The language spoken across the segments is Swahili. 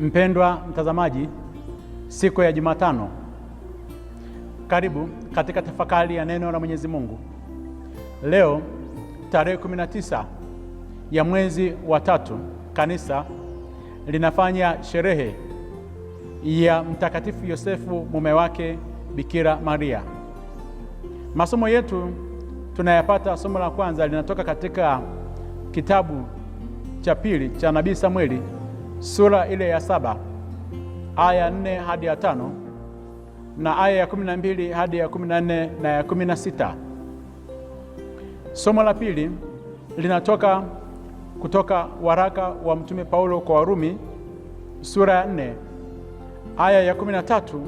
Mpendwa mtazamaji, siku ya Jumatano, karibu katika tafakari ya neno la Mwenyezi Mungu. Leo tarehe 19 ya mwezi wa tatu, kanisa linafanya sherehe ya Mtakatifu Yosefu, mume wake Bikira Maria. Masomo yetu tunayapata, somo la kwanza linatoka katika kitabu cha pili cha nabii Samweli sura ile ya saba aya nne hadi ya tano na aya ya kumi na mbili hadi ya kumi na nne na ya kumi na sita. Somo la pili linatoka kutoka waraka wa Mtume Paulo kwa Warumi sura ya nne aya ya kumi na tatu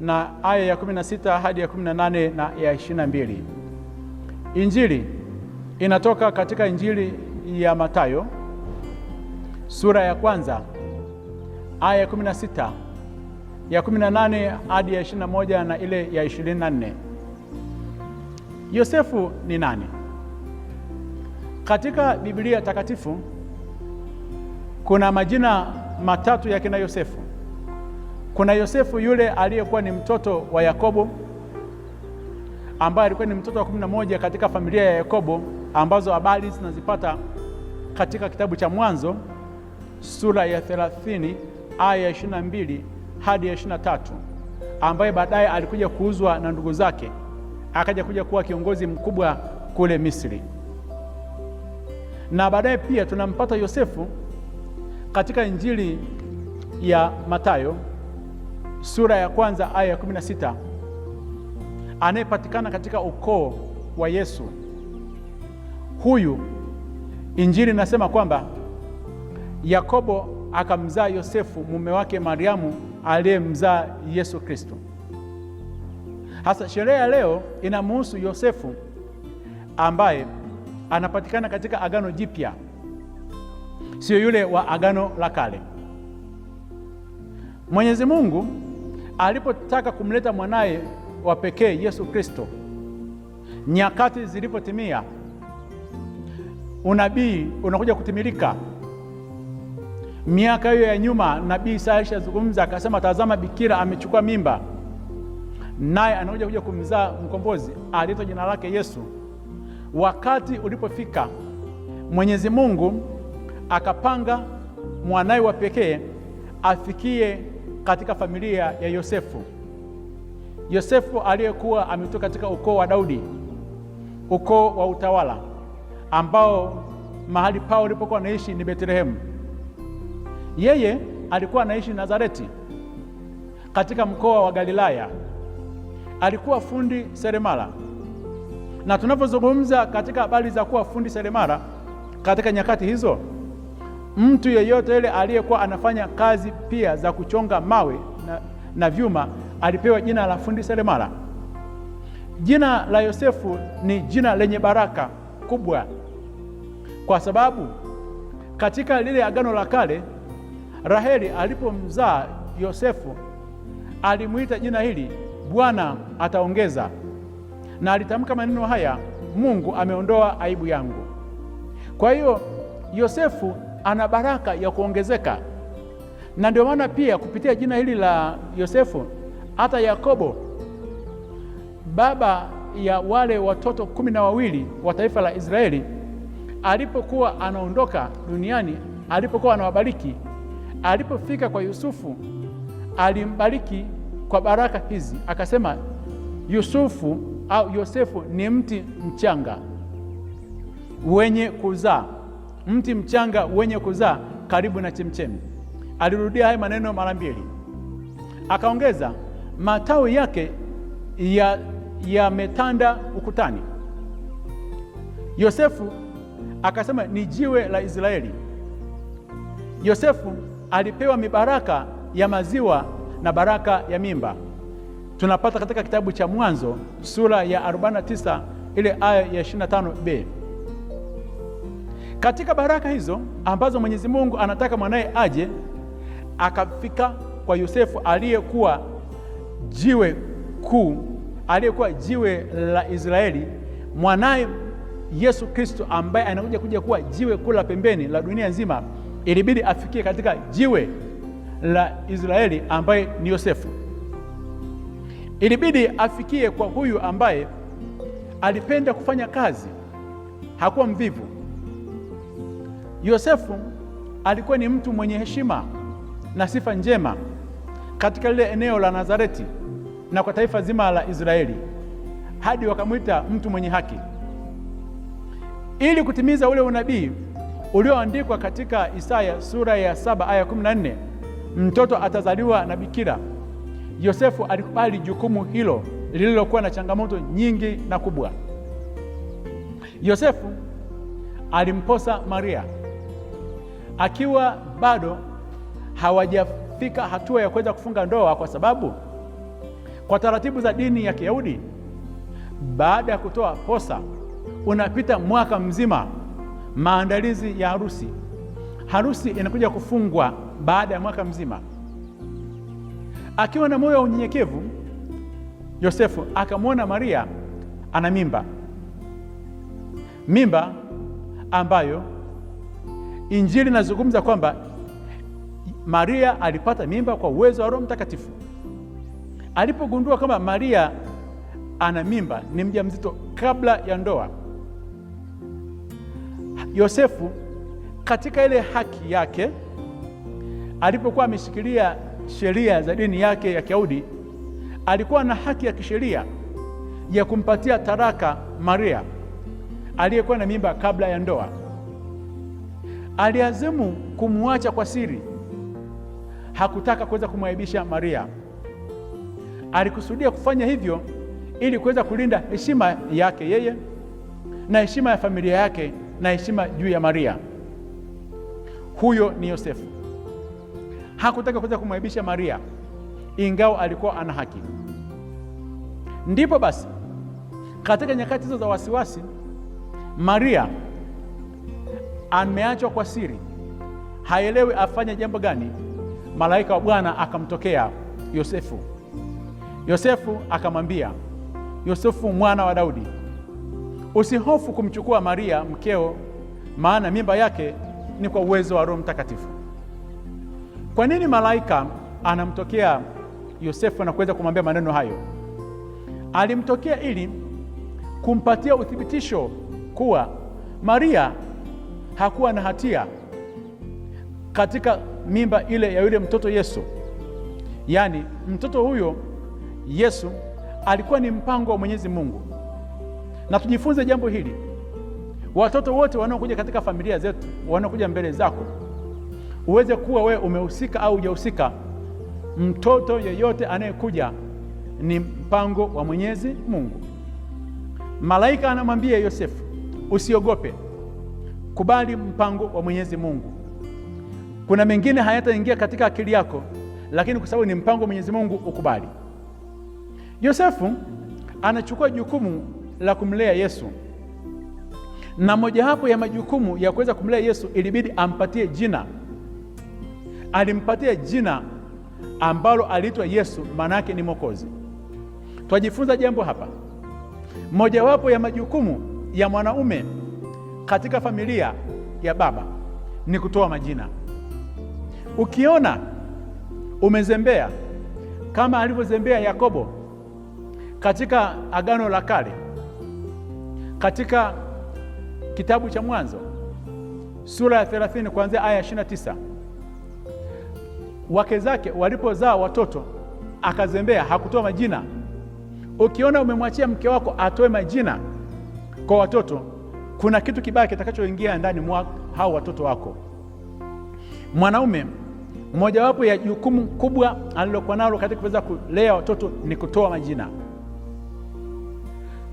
na aya ya kumi na sita hadi ya kumi na nane na ya ishirini na mbili. Injili inatoka katika Injili ya Mathayo sura ya kwanza aya ya 16 ya 18 hadi ya 21 na ile ya 24. Yosefu ni nani? Katika Biblia takatifu kuna majina matatu ya kina Yosefu. Kuna Yosefu yule aliyekuwa ni mtoto wa Yakobo ambaye alikuwa ni mtoto wa kumi na moja katika familia ya Yakobo ambazo habari zinazipata katika kitabu cha Mwanzo sura ya 30 aya ya 22 hadi ya 23, ambaye baadaye alikuja kuuzwa na ndugu zake, akaja kuja kuwa kiongozi mkubwa kule Misri. Na baadaye pia tunampata Yosefu katika Injili ya matayo sura ya kwanza aya ya 16 anayepatikana katika ukoo wa Yesu. Huyu Injili inasema kwamba Yakobo akamzaa Yosefu mume wake Mariamu aliyemzaa Yesu Kristo. Hasa sherehe ya leo inamhusu Yosefu ambaye anapatikana katika Agano Jipya, sio yule wa Agano la Kale. Mwenyezi Mungu alipotaka kumleta mwanaye wa pekee Yesu Kristo, nyakati zilipotimia, unabii unakuja kutimilika Miaka hiyo ya nyuma nabii Isa alishazungumza akasema, tazama bikira amechukua mimba, naye anakuja kuja kumzaa mkombozi aliitwa jina lake Yesu. Wakati ulipofika, Mwenyezi Mungu akapanga mwanawe wa pekee afikie katika familia ya Yosefu. Yosefu aliyekuwa ametoka katika ukoo wa Daudi, ukoo wa utawala ambao mahali pao ulipokuwa naishi ni Betlehemu. Yeye alikuwa anaishi Nazareti katika mkoa wa Galilaya. Alikuwa fundi seremala, na tunapozungumza katika habari za kuwa fundi seremala katika nyakati hizo, mtu yeyote ile aliyekuwa anafanya kazi pia za kuchonga mawe na, na vyuma alipewa jina la fundi seremala. Jina la Yosefu ni jina lenye baraka kubwa, kwa sababu katika lile Agano la Kale Raheli alipomzaa Yosefu alimwita jina hili, Bwana ataongeza, na alitamka maneno haya, Mungu ameondoa aibu yangu. Kwa hiyo Yosefu ana baraka ya kuongezeka, na ndio maana pia kupitia jina hili la Yosefu hata Yakobo baba ya wale watoto kumi na wawili wa taifa la Israeli alipokuwa anaondoka duniani, alipokuwa anawabariki Alipofika kwa Yusufu alimbariki kwa baraka hizi, akasema Yusufu au Yosefu ni mti mchanga wenye kuzaa, mti mchanga wenye kuzaa karibu na chemchemi. Alirudia haya maneno mara mbili, akaongeza matawi yake yametanda ya ukutani. Yosefu akasema ni jiwe la Israeli. Yosefu alipewa mibaraka ya maziwa na baraka ya mimba. Tunapata katika kitabu cha Mwanzo sura ya 49 ile aya ya 25b. Katika baraka hizo ambazo Mwenyezi Mungu anataka mwanaye aje akafika kwa Yosefu aliyekuwa jiwe kuu, aliyekuwa jiwe la Israeli, mwanaye Yesu Kristo ambaye anakuja kuja kuwa jiwe kuu la pembeni la dunia nzima ilibidi afikie katika jiwe la Israeli ambaye ni Yosefu. Ilibidi afikie kwa huyu ambaye alipenda kufanya kazi, hakuwa mvivu. Yosefu alikuwa ni mtu mwenye heshima na sifa njema katika lile eneo la Nazareti na kwa taifa zima la Israeli, hadi wakamwita mtu mwenye haki, ili kutimiza ule unabii ulioandikwa katika Isaya sura ya saba aya kumi na nne mtoto atazaliwa na bikira. Yosefu alikubali jukumu hilo lililokuwa na changamoto nyingi na kubwa. Yosefu alimposa Maria akiwa bado hawajafika hatua ya kuweza kufunga ndoa, kwa sababu kwa taratibu za dini ya Kiyahudi, baada ya kutoa posa unapita mwaka mzima maandalizi ya harusi. Harusi inakuja kufungwa baada ya mwaka mzima. Akiwa na moyo wa unyenyekevu, Yosefu akamwona Maria ana mimba, mimba ambayo Injili inazungumza kwamba Maria alipata mimba kwa uwezo wa Roho Mtakatifu. Alipogundua kwamba Maria ana mimba, ni mjamzito kabla ya ndoa Yosefu katika ile haki yake alipokuwa ameshikilia sheria za dini yake ya Kiyahudi, alikuwa na haki ya kisheria ya kumpatia taraka Maria aliyekuwa na mimba kabla ya ndoa. Aliazimu kumwacha kwa siri, hakutaka kuweza kumwaibisha Maria. Alikusudia kufanya hivyo ili kuweza kulinda heshima yake yeye na heshima ya familia yake na heshima juu ya Maria. Huyo ni Yosefu. Hakutaka kuweza kumwaibisha Maria, ingawa alikuwa ana haki. Ndipo basi katika nyakati hizo za wasiwasi, Maria ameachwa kwa siri, haelewi afanye jambo gani. Malaika wa Bwana akamtokea Yosefu. Yosefu akamwambia, Yosefu mwana wa Daudi Usihofu kumchukua Maria mkeo, maana mimba yake ni kwa uwezo wa Roho Mtakatifu. Kwa nini malaika anamtokea Yosefu na kuweza kumwambia maneno hayo? Alimtokea ili kumpatia uthibitisho kuwa Maria hakuwa na hatia katika mimba ile ya yule mtoto Yesu. Yaani mtoto huyo Yesu alikuwa ni mpango wa Mwenyezi Mungu na tujifunze jambo hili. Watoto wote wanaokuja katika familia zetu, wanaokuja mbele zako, uweze kuwa wewe umehusika au hujahusika, mtoto yeyote anayekuja ni mpango wa Mwenyezi Mungu. Malaika anamwambia Yosefu, usiogope, kubali mpango wa Mwenyezi Mungu. Kuna mengine hayataingia katika akili yako, lakini kwa sababu ni mpango wa Mwenyezi Mungu ukubali. Yosefu anachukua jukumu la kumlea Yesu, na mojawapo ya majukumu ya kuweza kumlea Yesu ilibidi ampatie jina. Alimpatia jina ambalo aliitwa Yesu, maana yake ni Mwokozi. Twajifunza jambo hapa, mojawapo ya majukumu ya mwanaume katika familia ya baba ni kutoa majina. Ukiona umezembea kama alivyozembea Yakobo katika Agano la Kale katika kitabu cha Mwanzo sura ya 30 kuanzia aya ya Wake zake walipozaa watoto akazembea, hakutoa majina. Ukiona umemwachia mke wako atoe majina kwa watoto, kuna kitu kibaya kitakachoingia ndani mwa hao watoto wako. Mwanaume mojawapo ya jukumu kubwa alilokuwa nalo katika kuweza kulea watoto ni kutoa majina.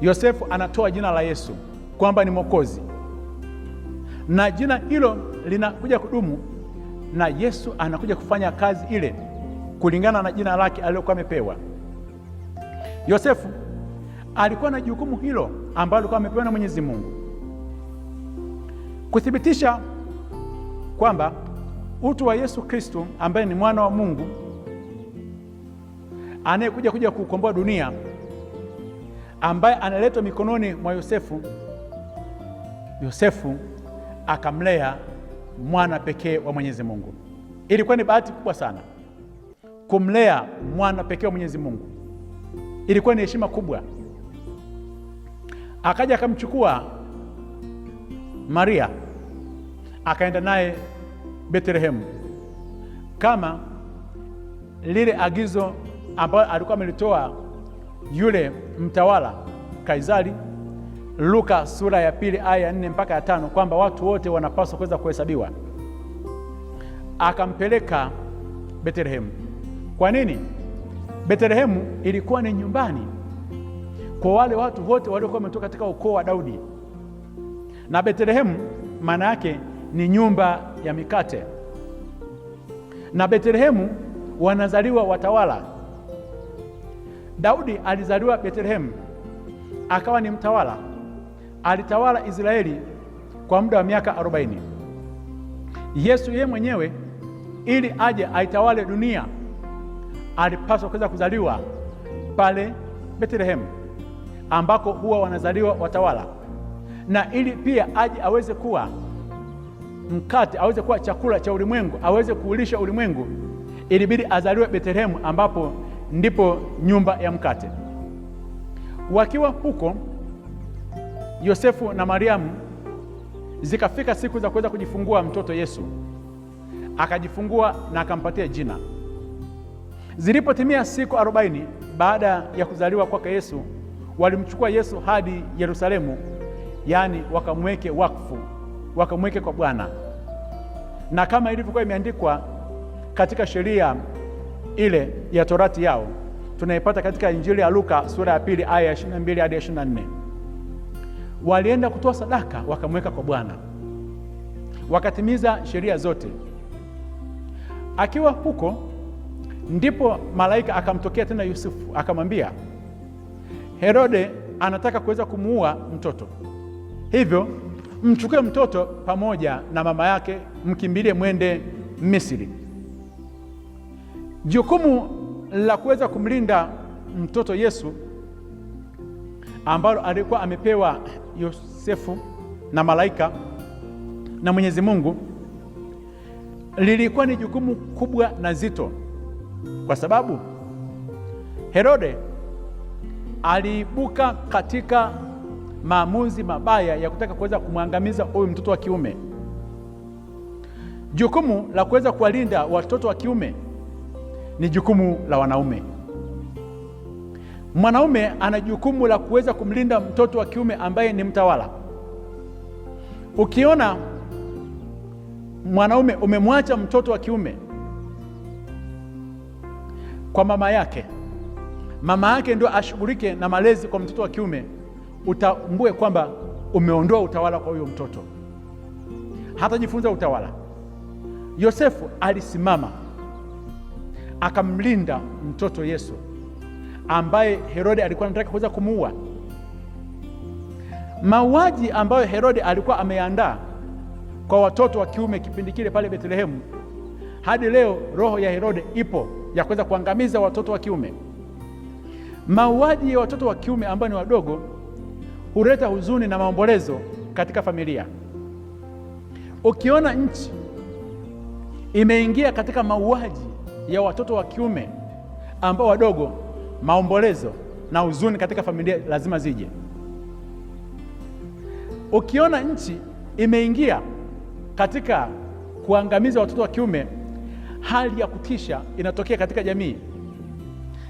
Yosefu anatoa jina la Yesu kwamba ni Mwokozi, na jina hilo linakuja kudumu, na Yesu anakuja kufanya kazi ile kulingana na jina lake alilokuwa amepewa. Yosefu alikuwa na jukumu hilo ambalo alikuwa amepewa na Mwenyezi Mungu kuthibitisha kwamba utu wa Yesu Kristo ambaye ni mwana wa Mungu anayekuja kuja kukomboa dunia ambaye analetwa mikononi mwa Yosefu. Yosefu akamlea mwana pekee wa Mwenyezi Mungu. Ilikuwa ni bahati kubwa sana kumlea mwana pekee wa Mwenyezi Mungu, ilikuwa ni heshima kubwa. Akaja akamchukua Maria akaenda naye Betlehemu kama lile agizo ambalo alikuwa amelitoa yule mtawala Kaisari, Luka sura ya pili aya ya nne mpaka ya tano kwamba watu wote wanapaswa kuweza kuhesabiwa, akampeleka betelehemu Kwa nini? betelehemu ilikuwa ni nyumbani kwa wale watu wote waliokuwa wametoka katika ukoo wa Daudi, na betelehemu maana yake ni nyumba ya mikate, na betelehemu wanazaliwa watawala Daudi alizaliwa Bethlehemu, akawa ni mtawala. Alitawala Israeli kwa muda wa miaka arobaini. Yesu yeye mwenyewe ili aje aitawale dunia alipaswa kuweza kuzaliwa pale Bethlehemu ambako huwa wanazaliwa watawala, na ili pia aje aweze kuwa mkate, aweze kuwa chakula cha ulimwengu, aweze kuulisha ulimwengu, ilibidi azaliwe Bethlehemu ambapo ndipo nyumba ya mkate. Wakiwa huko Yosefu na Mariamu, zikafika siku za kuweza kujifungua mtoto Yesu, akajifungua na akampatia jina. Zilipotimia siku arobaini baada ya kuzaliwa kwake Yesu, walimchukua Yesu hadi Yerusalemu, yaani wakamweke wakfu, wakamweke kwa Bwana, na kama ilivyokuwa imeandikwa katika sheria ile ya torati yao tunaipata katika Injili ya Luka sura ya pili aya ya 22 hadi 24. Walienda kutoa sadaka wakamweka kwa Bwana, wakatimiza sheria zote. Akiwa huko ndipo malaika akamtokea tena Yusufu akamwambia, Herode anataka kuweza kumuua mtoto, hivyo mchukue mtoto pamoja na mama yake, mkimbilie mwende Misri Jukumu la kuweza kumlinda mtoto Yesu ambalo alikuwa amepewa Yosefu na malaika na Mwenyezi Mungu lilikuwa ni jukumu kubwa na zito, kwa sababu Herode aliibuka katika maamuzi mabaya ya kutaka kuweza kumwangamiza huyu mtoto wa kiume. Jukumu la kuweza kuwalinda watoto wa kiume ni jukumu la wanaume. Mwanaume ana jukumu la kuweza kumlinda mtoto wa kiume ambaye ni mtawala. Ukiona mwanaume umemwacha mtoto wa kiume kwa mama yake, mama yake ndio ashughulike na malezi kwa mtoto wa kiume, utambue kwamba umeondoa utawala kwa huyo mtoto, hatajifunza utawala. Yosefu alisimama akamlinda mtoto Yesu ambaye Herode alikuwa anataka kuweza kumuua. Mauaji ambayo Herode alikuwa ameandaa kwa watoto wa kiume kipindi kile pale Betlehemu, hadi leo roho ya Herode ipo ya kuweza kuangamiza watoto wa kiume. Mauaji ya watoto wa kiume ambao ni wadogo huleta huzuni na maombolezo katika familia. Ukiona nchi imeingia katika mauaji ya watoto wa kiume ambao wadogo, maombolezo na huzuni katika familia lazima zije. Ukiona nchi imeingia katika kuangamiza watoto wa kiume, hali ya kutisha inatokea katika jamii,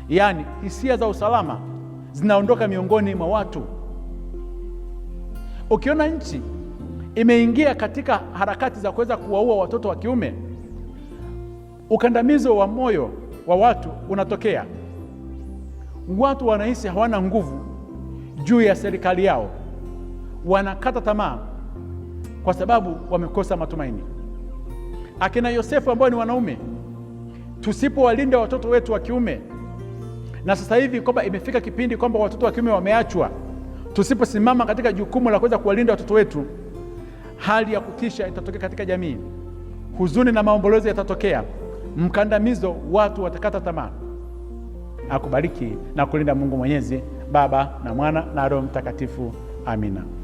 yaani hisia za usalama zinaondoka miongoni mwa watu. Ukiona nchi imeingia katika harakati za kuweza kuwaua watoto wa kiume ukandamizo wa moyo wa watu unatokea. Watu wanahisi hawana nguvu juu ya serikali yao, wanakata tamaa kwa sababu wamekosa matumaini. Akina Yosefu ambao ni wanaume, tusipowalinda watoto wetu wa kiume, na sasa hivi kwamba imefika kipindi kwamba watoto wa kiume wameachwa, tusiposimama katika jukumu la kuweza kuwalinda watoto wetu, hali ya kutisha itatokea katika jamii, huzuni na maombolezo yatatokea mkandamizo, watu watakata tamaa. Akubariki na kulinda Mungu Mwenyezi, Baba na Mwana na Roho Mtakatifu. Amina.